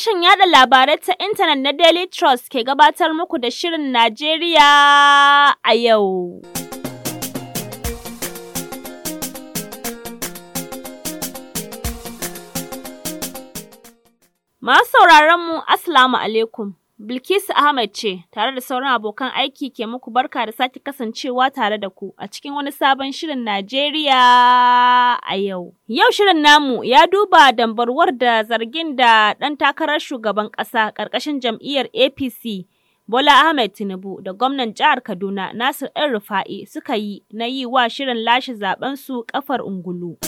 Sashen yada labarai ta intanet na Daily Trust ke gabatar muku da Shirin Najeriya a yau. Masu sauraronmu, Assalamu alaikum. Bilkisu Ahmed ce tare da sauran abokan aiki ke muku barka da sake kasancewa tare da ku a cikin wani sabon shirin Najeriya a yau. Yau shirin namu ya duba dambarwar da zargin da ɗan takarar shugaban ƙasa ƙarƙashin jam'iyyar APC Bola Ahmed Tinubu da gwamnan jihar Kaduna Nasir El Rufa'i suka yi na yi wa shirin lashe zaben su kafar ungulu.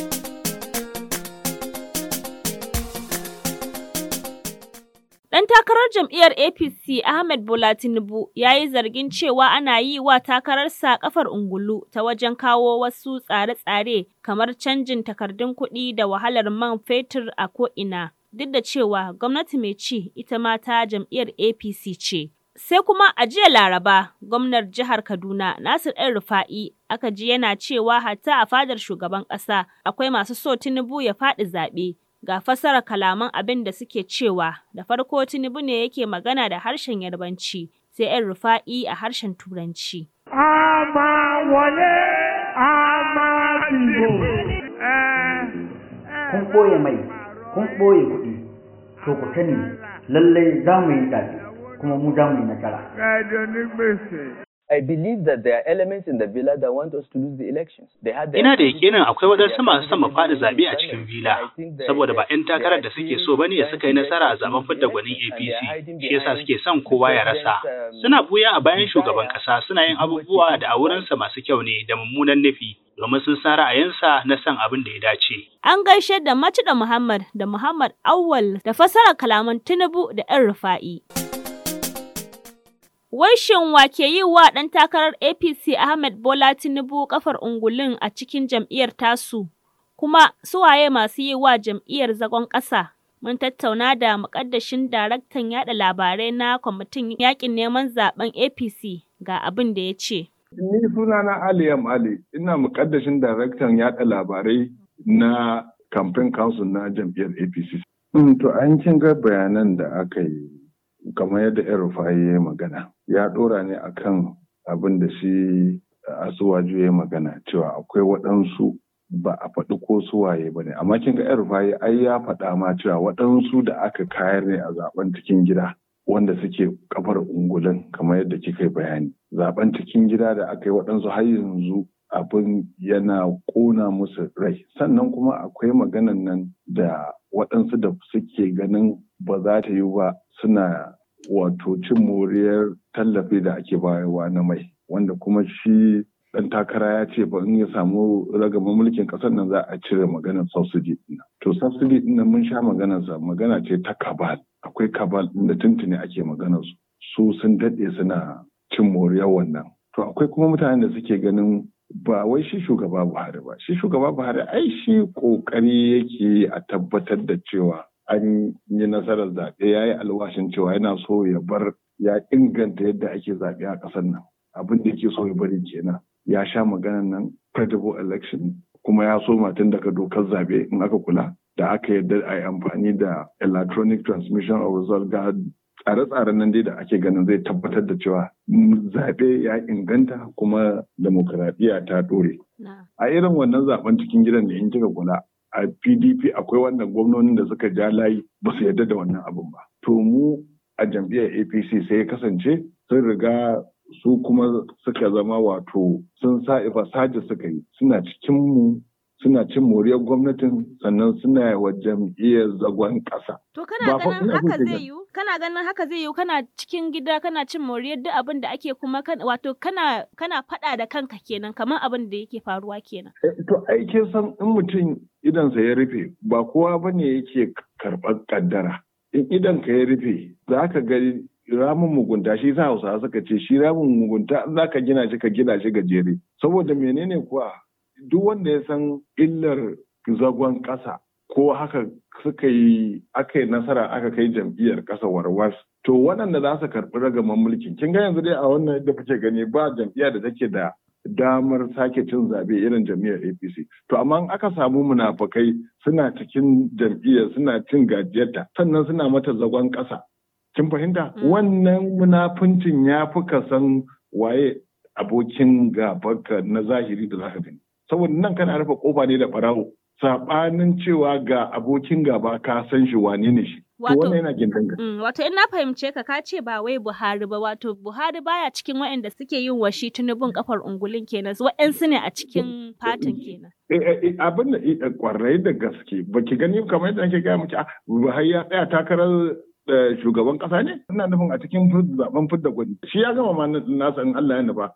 Ɗan takarar jam'iyyar APC Ahmed Bola Tinubu ya yi zargin cewa ana yi wa takararsa kafar ungulu ta wajen kawo wasu tsare-tsare kamar canjin takardun kuɗi da wahalar man fetur a ko'ina, duk da cewa gwamnati mai ci ita ma ta jam'iyyar APC ce. Sai kuma a jiya Laraba, gwamnar jihar Kaduna Nasir ɗan Rufa'i aka ji yana cewa hatta a fadar shugaban ƙasa akwai masu so Tinubu ya faɗi zaɓe. Ga fasara kalaman abin da suke cewa da farko Tinubu ne yake magana da harshen Yarbanci sai 'yan rufa'i a harshen Turanci. Ama wale, eh, eh. Kun ɓoye mai, kun ɓoye kuɗi, to ku sani lallai za mu yi tafi kuma mu za mu yi nasara. I believe that there are elements in the villa that want us to lose the elections. They had Ina da yakinin akwai wadansu masu son faɗi zaɓe a cikin villa saboda ba 'yan takarar da suke so bane suka yi nasara a zaben fidda gwanin APC. Shi yasa suke son kowa ya rasa. Um, suna buya a bayan shugaban ƙasa suna yin abubuwa da a wurinsa masu kyau ne da mummunan nufi. domin sun san ra'ayinsa na son abin da ya dace. An gaishe da Macida Muhammad da Muhammad Awwal da fasara kalaman Tinubu da 'yan Rufa'i. Wai shin wa ke yi wa ɗan takarar APC Ahmed Bola Tinubu kafar ungulin a cikin jam'iyyar tasu? Kuma suwaye masu yi wa jam'iyyar zagon ƙasa? Mun tattauna da muƙaddashin daraktan yaɗa labarai na kwamitin yakin neman zaben APC ga abin da ya ce. Ni sunana Ali Ali, ina muƙaddashin daraktan yaɗa labarai na kamfen council na jam'iyyar APC. Hmm, to an kin ga bayanan da aka yi kamar yadda Erufa ya yi magana. ya ɗora ne akan abin da shi asuwaju ya magana cewa akwai waɗansu ba a faɗi ko suwaye ba ne amma kin ga yar yi ai ya faɗa ma cewa waɗansu da aka kayar ne a zaɓen cikin gida wanda suke kafar ungulin kamar yadda kika bayani zaɓen cikin gida da aka yi waɗansu har yanzu abin yana ƙona musu rai sannan kuma akwai maganan nan da waɗansu da suke ganin ba za ta yi ba suna wato cin moriyar tallafi da ake bayarwa na mai wanda kuma shi dan takara ya ce ba in ya samu ragama mulkin kasar nan za a cire maganar subsidy din to subsidy din nan mun sha maganar sa magana ce ta kabal akwai kabal da tuntuni ake maganar su su sun dade suna cin moriyar wannan to akwai kuma mutanen da suke ganin ba wai shi shugaba Buhari ba shi shugaba Buhari ai shi kokari yake a tabbatar da cewa an yi nasarar zaɓe ya yi alwashin cewa yana so ya bar ya inganta yadda ake zaɓe a ƙasar nan abin da yake so ya bari kenan ya sha maganan nan credible election kuma ya so matan daga dokar zaɓe in aka kula da aka yarda a yi amfani da electronic transmission of result ga tsare-tsaren nan dai da ake ganin zai tabbatar da cewa zaɓe ya inganta kuma demokuraɗiyya ta ɗore. A irin wannan zaɓen cikin gidan da in kika kula a pdp akwai wannan gwamnonin da suka ja layi ba su yarda da wannan abin ba to mu a jam'iyyar apc sai ya kasance sun riga su kuma suka zama wato sun sa ifasaji suka yi suna cikin mu suna cin moriyar gwamnatin sannan suna wa jam'iyyar zagon ƙasa. To kana ganin haka zai yiwu? Kana ganin haka zai yiwu kana cikin gida kana cin moriyar duk abin da ake kuma wato kana kana faɗa da kanka kenan kamar abin da yake faruwa kenan. Eh, to ai san in mutum idansa ya rufe ba kowa ba ne yake karɓar kaddara in ka ya rufe za ka ga ramin mugunta shi sa hausawa suka ce shi ramin mugunta za ka gina shi ka gina shi gajere saboda menene kuwa duk wanda ya san illar zagon ƙasa ko haka suka yi aka yi nasara aka kai jam'iyyar ƙasa warwas to waɗanda za su karɓi ragaman mulkin kin ga yanzu dai a wannan yadda kuke gani ba jam'iyya da take da damar sake cin zaɓe irin jam'iyyar APC. To amma aka samu munafakai suna cikin jam'iyyar suna cin gajiyarta sannan suna mata zagon ƙasa. Kin fahimta? Mm. Wannan munafuncin ya fi kasan waye abokin gabanka na zahiri da zaka gani. Saboda nan kana rufe kofa ne da ɓarawo. Saɓanin cewa ga abokin gaba ka san shi wane ne shi. Wato, mm, wato in na fahimce ka ka ce ba wai Buhari ba wato Buhari baya cikin waɗanda suke yin washi tunubin kafar ungulin kenan waɗansu ne a cikin fatin kenan. Eh, eh, eh, abin da kwarai da gaske ba ki gani kamar yadda ake gaya miki Buhari ya tsaya takarar shugaban kasa ne ina nufin a cikin zaben fidda gwani shi ya gama ma nasa in Allah ya nufa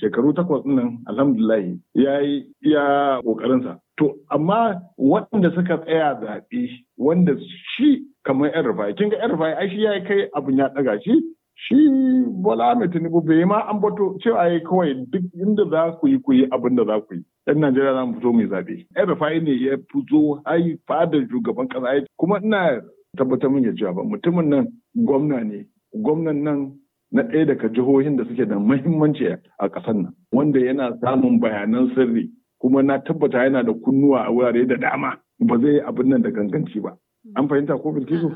shekaru takwas nan alhamdulahi ya yi iya kokarinsa to amma waɗanda suka tsaya zaɓe wanda shi kamar yan rufai kin ga yan rufai ai shi ya kai abin ya daga shi shi bola mai tinubu bai ma an bato cewa ya kawai duk inda za ku yi ku yi abin da za ku yi yan najeriya za mu fito mai zabe yan rufai ne ya fito ai fadar shugaban kasa kuma ina tabbatar min ya cewa ba mutumin nan gwamna ne gwamnan nan na ɗaya daga jihohin da suke da muhimmanci a ƙasar nan wanda yana samun bayanan sirri kuma na tabbata yana da kunnuwa a wurare da dama ba zai yi abin nan da ganganci ba An fahimta ko Bilkisu?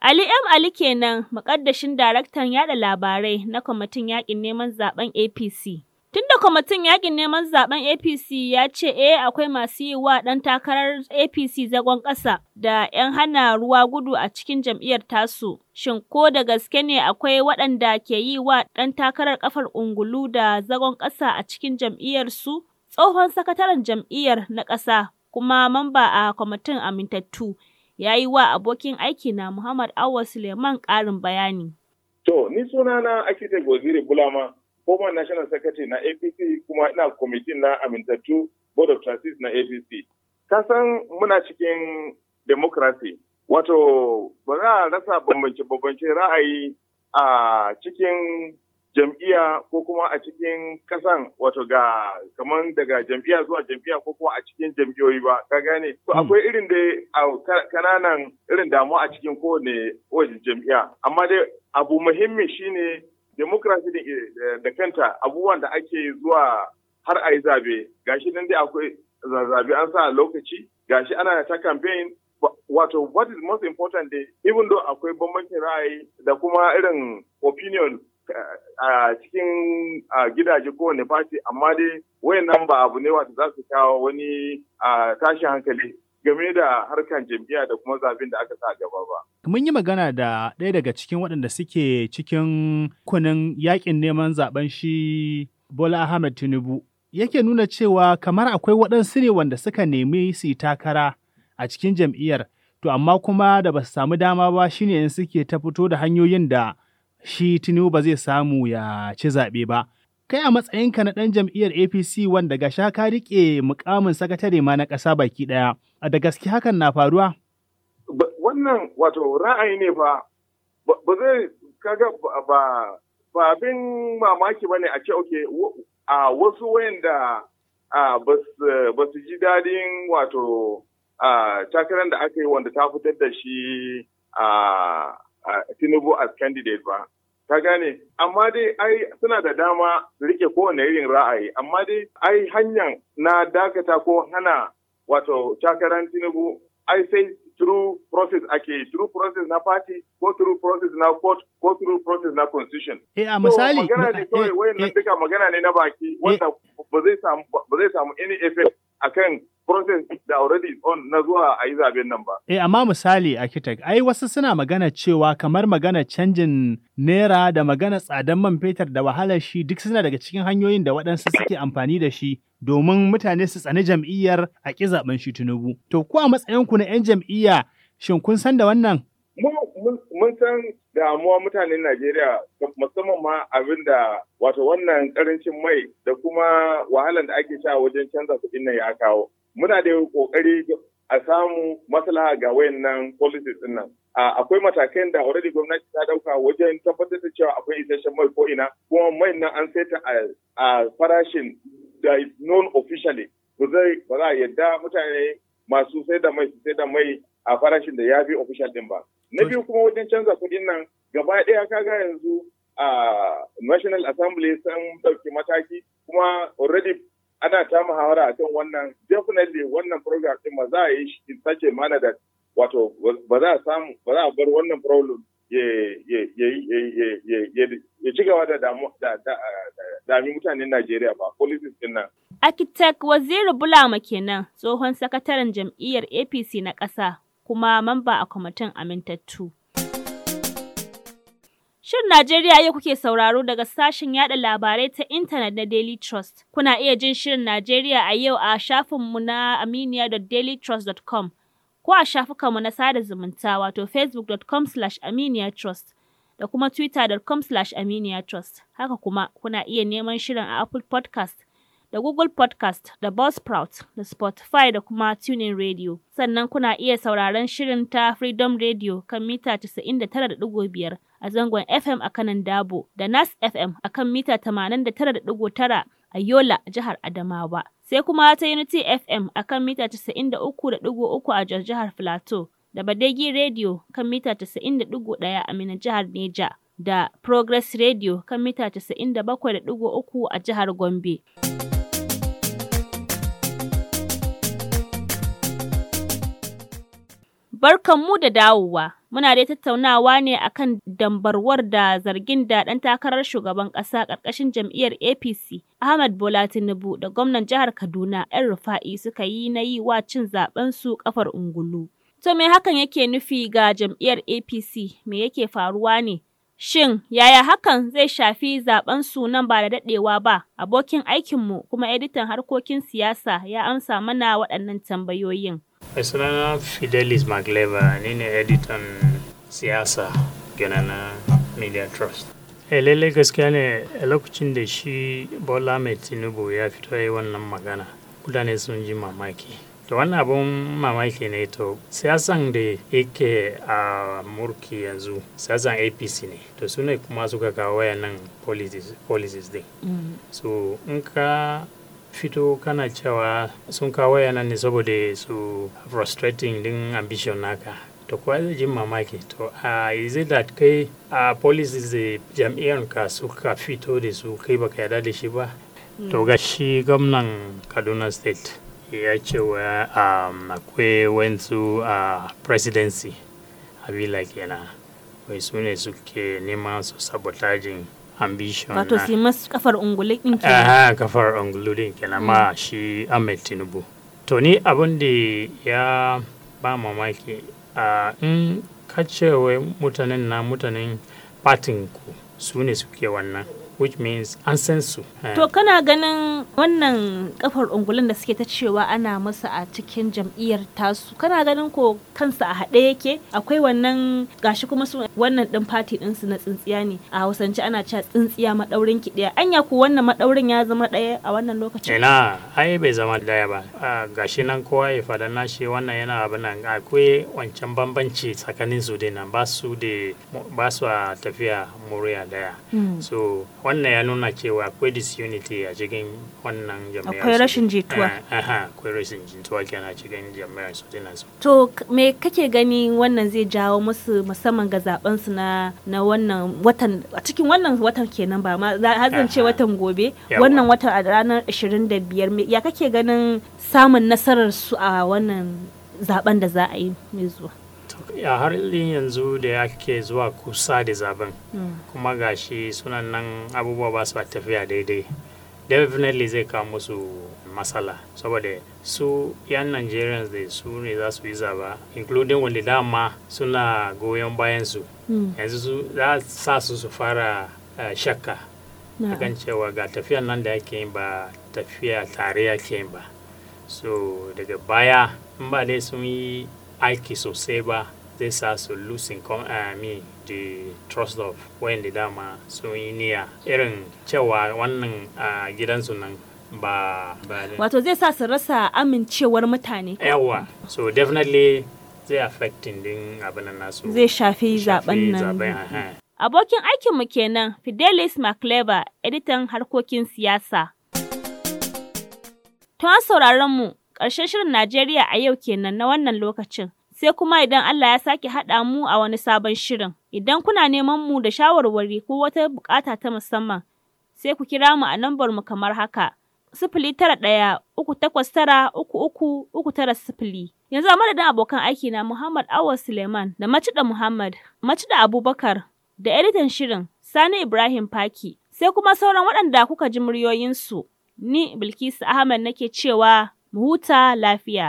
Ali M. Ali kenan makaddashin daraktan yada labarai na kwamitin yakin neman zaben APC. Tun da kwamitin yakin neman zaben APC ya ce eh akwai masu yi wa ɗan takarar APC zagon ƙasa da 'yan hana ruwa gudu a cikin jam'iyyar tasu. Shin ko da gaske ne akwai waɗanda ke yi wa ɗan takarar ƙafar ungulu da zagon ƙasa a cikin jam'iyyar su? Tsohon sakataren jam'iyyar na ƙasa kuma mamba a kwamitin amintattu ya yi wa abokin aikina Muhammad Awa Suleiman ƙarin bayani. To, ni sunana Akite Goziri Bulama, former National Secretary na APC kuma ina kwamitin na amintattu Board of Trustees na APC. Ka san muna cikin democracy, wato ba za a rasa bambance-bambance ra'ayi a cikin jam'iyya ko kuma a cikin kasan wato ga kaman daga jam'iyya zuwa jam'iyya ko kuma a cikin jam'iyyoyi ba ka gane to hmm. akwai irin da kananan irin damuwa a cikin kowane wajen jam'iyya amma dai abu muhimmi shine demokrasi da kanta abubuwan da ake zuwa har a yi zabe gashi nan dai akwai zabe an sa lokaci gashi ana ta campaign wato what is most important dai even though akwai bambancin ra'ayi da kuma irin opinion a cikin gidaje ko wani fati amma dai nan ba abu ne wata za su kawo wani tashin hankali game da harkar jam'iyya da kuma zaben da aka sa gaba ba. Mun yi magana da ɗaya daga cikin waɗanda suke cikin kunin yakin neman zaben shi Bola Ahmed Tinubu. Yake nuna cewa kamar akwai waɗansu ne wanda suka nemi su yi takara a cikin jam'iyyar, to amma kuma da ba su samu dama ba shine in suke ta fito da hanyoyin da shi Tinubu ba zai samu ya ci zaɓe ba. Kai a matsayinka na ɗan jam'iyyar APC wanda ga sha ka riƙe mukamin sakatare ma na ƙasa baki ɗaya, a da gaske hakan na faruwa? Wannan wato ra'ayi ne ba, ba zai kaga ba abin mamaki ba ne a ce oke a wasu wayanda ba su ji daɗin wato takarar da aka yi wanda ta fitar da shi a Tinubu as candidate ba. Ka gane, amma dai ai suna da dama rike kowane irin ra'ayi, amma dai ai hanyar na dakata ko hana wato takarar Tinubu ai sai through process ake yi, through process na party ko through process na court ko through process na constitution. Eh a misali. So, magana ne eh, kawai wayan nan eh, duka magana ne na baki eh, wanda ba zai samu any effect a akan process da already on na zuwa a yi zaben nan ba. Eh amma misali architect ai wasu suna magana cewa kamar magana canjin naira da magana tsadan man fetur da wahalar shi duk suna daga cikin hanyoyin da waɗansu suke amfani da shi domin mutane su tsani jam'iyyar a ƙi zaben shi Tinubu. To ku a matsayin ku na 'yan jam'iyya shin kun san da wannan? mun san damuwa mutanen Najeriya musamman ma abin da wato wannan karancin mai da kuma wahalan da ake sha wajen canza kuɗin nan ya kawo. Muna da kokari a samu maslaha ga wayannan policies din nan. Akwai matakan da already gwamnati ta dauka wajen tabbatar da cewa akwai isasshen mai ko ina kuma mai nan an saita a farashin da is known officially. Ba za a yadda mutane masu sai da mai su sai da mai a farashin da ya fi official din ba. na biyu kuma wajen canza kuɗin nan gaba ɗaya kaga yanzu a national assembly sun ɗauki mataki kuma already ana ta muhawara a kan wannan definitely wannan program ɗin ba za a yi shi in mana da wato ba za a samu ba za a bar wannan problem ya ci gaba da dami mutanen Najeriya ba politics ɗin nan. Architect Waziri Bulama kenan tsohon sakataren jam'iyyar APC na ƙasa kuma mamba a kwamitin amintattu. Shin Najeriya yau kuke sauraro daga sashen yada labarai ta intanet na Daily Trust. Kuna iya jin shirin Najeriya a yau a shafinmu na aminiya.dailytrust.com ko a shafukanmu na sada zumunta wato facebook.com aminiyatrust da kuma twitter.com aminiyatrust. Haka kuma kuna iya neman shirin a Apple podcast da Google Podcast da Buzzsprout da Spotify da kuma TuneIn Radio. Sannan kuna iya sauraron shirin ta Freedom Radio kan mita 99.5 a zangon FM a kanan Dabo da Nas FM a kan mita 89.9 a Yola, jihar Adamawa. Sai kuma ta Unity FM a kan mita 93.3 a jihar Filato da Badegi Radio kan mita 90.1 a Mina jihar Neja. da Progress Radio kan mita 97.3 a jihar Gombe. mu da dawowa. Muna dai tattaunawa ne akan dambarwar da zargin da ɗan takarar shugaban ƙasa ƙarƙashin jam'iyyar APC Ahmad Bola Tinubu da gwamnan jihar Kaduna 'yan Rufa'i suka yi na yi wa cin zaben su kafar ungulu. To me hakan yake nufi ga jam'iyyar APC me yake faruwa ne? Shin yaya hakan zai shafi zaben sunan ba da daɗewa ba? Abokin aikinmu kuma editan harkokin siyasa ya amsa mana waɗannan tambayoyin. sunana Fidelis Magleva ni ne editan siyasa gina na Media Trust. Eh, lallai gaskiya ne a lokacin da shi Bola Mai Tinubu ya fito yi wannan magana, mutane sun ji mamaki. to wannan abun mamaki ne to siyasan da yake a murki yanzu siyasan apc ne to su ne kuma suka kawo nan policies din mm. so in ka fito kana cewa sun kawo nan ne saboda su frustrating din ambition naka to kuwa zai jin mamaki to a is it that kai a policies da jam'iyyar ka suka fito da su kai baka yarda da shi ba mm. to ga shi gwamnan kaduna state ya cewa um, akwai wansu a uh, presidency habila kenan wai su ne suke neman su sabotajin ambition wato si masu kafar ungulu din ah kafar ungulu din kenan ma hmm. shi Ahmed Tinubu to ni abin da ya ba mamaki a uh, in kacewa mutanen na mutanen patin ku su ne suke wannan which means an san su. Eh. To kana ganin wannan kafar ungulan da suke ta cewa ana masa a cikin jam'iyyar tasu kana ganin ko kansa a haɗe yake akwai wannan gashi kuma su wannan ɗin fati ɗinsu na tsintsiya ne a hausance ana cewa tsintsiya maɗaurin ki ɗaya anya ko wannan maɗaurin ya zama ɗaya a wannan lokacin. Ina ai bai zama ɗaya ba gashi nan kowa ya faɗa shi wannan yana abin nan akwai wancan bambanci tsakanin su dai nan ba su da ba su a tafiya muriya daya. Hmm. wannan ya nuna cewa akwai disunity a cikin wannan jami'ar akwai rashin jituwa eh, aha akwai rashin jituwa kenan a cikin jami'ar su su to me kake gani wannan zai jawo musu musamman ga zaben su na na wannan watan a cikin wannan watan kenan ba ma zan ce watan gobe wannan watan a ranar 25 ya kake ganin samun nasarar su a wannan zaben da za a yi mai zuwa ya halin yanzu da yake zuwa kusa da zaben hmm. kuma gashi sunan nan abubuwa ba su tafiya daidai definitely zai kawo musu matsala saboda su yan nigerians da su ne za su yi zaba including wanda dama suna goyon bayan hmm. su yanzu za sa su su fara eh, shakka akan cewa ga tafiyan nan da ake yin ba tafiya tare yake yin ba so daga baya in ba dai sun yi aiki sosai ba zai sa su losing ami me the trust of wayanda dama sun yi irin cewa wannan gidansu nan ba wato zai sa su rasa amincewar mutane yawa so definitely zai affecting din abin nasu zai shafi zaben nan Abokin aikinmu kenan Fidelis Macleva, editan harkokin siyasa. Tun sauraron mu Karshen shirin Najeriya a yau kenan na wannan lokacin. Sai kuma idan Allah ya sake haɗa mu a wani sabon shirin. Idan kuna neman mu da shawarwari ko wata buƙata ta musamman, sai ku kira mu a lambar mu kamar haka. Sifili tara ɗaya, uku takwas tara, uku uku, uku tara sifili. Yanzu a madadin abokan aiki na Muhammad Awa Suleiman da Macida Muhammad, Macida Abubakar da editan shirin Sani Ibrahim Faki, sai kuma sauran waɗanda kuka ji muryoyinsu. Ni Bilkisu Ahmed nake cewa mu huta lafiya.